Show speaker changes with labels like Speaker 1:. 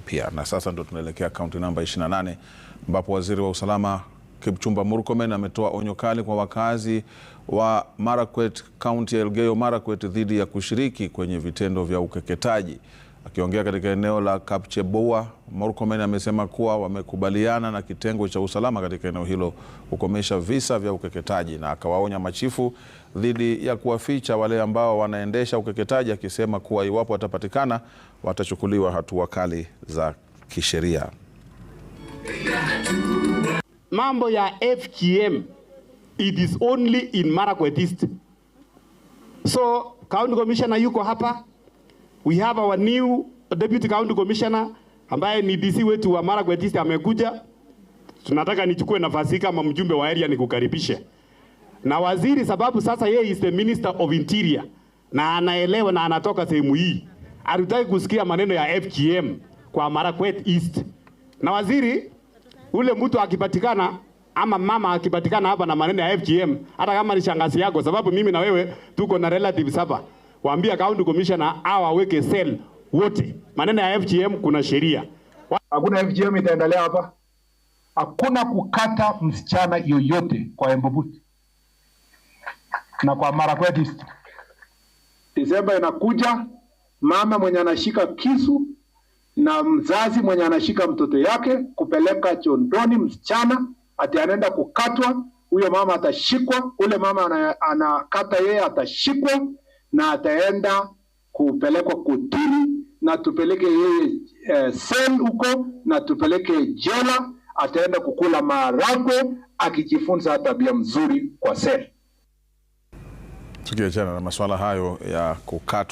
Speaker 1: pia na sasa ndo tunaelekea kaunti namba 28 ambapo waziri wa usalama Kipchumba Murkomen ametoa onyo kali kwa wakazi wa Marakwet, kaunti ya Elgeyo Marakwet dhidi ya kushiriki kwenye vitendo vya ukeketaji. Akiongea katika eneo la Kapcheboa, Murkomen amesema kuwa wamekubaliana na kitengo cha usalama katika eneo hilo kukomesha visa vya ukeketaji, na akawaonya machifu dhidi ya kuwaficha wale ambao wanaendesha ukeketaji, akisema kuwa iwapo watapatikana watachukuliwa hatua kali za kisheria.
Speaker 2: Mambo ya FGM it is only in Marakwet East. So county commissioner yuko hapa We have our new deputy county commissioner ambaye ni DC wetu wa Marakwet East amekuja. Tunataka nichukue nafasi kama mjumbe wa area nikukaribishe na waziri, sababu sasa yeye is the minister of interior na anaelewa na anatoka sehemu hii. Hatutaki kusikia maneno ya FGM kwa Marakwet East. Na waziri ule mtu akipatikana ama mama akipatikana hapa na maneno ya FGM, hata kama ni shangazi yako, sababu mimi na wewe tuko na relatives hapa waambie county commissioner hawa weke sel wote. Maneno ya FGM kuna sheria.
Speaker 3: Hakuna FGM itaendelea hapa. Hakuna kukata msichana yoyote kwa Embobuti na kwa Marakwet East. Desemba inakuja, mama mwenye anashika kisu na mzazi mwenye anashika mtoto yake kupeleka chondoni msichana ati anaenda kukatwa, huyo mama atashikwa, ule mama anakata yeye atashikwa na ataenda kupelekwa kotini na tupeleke yeye eh, sel huko na tupeleke jela, ataenda kukula maharagwe akijifunza tabia mzuri kwa sel. Tukiachana na masuala hayo ya kukatwa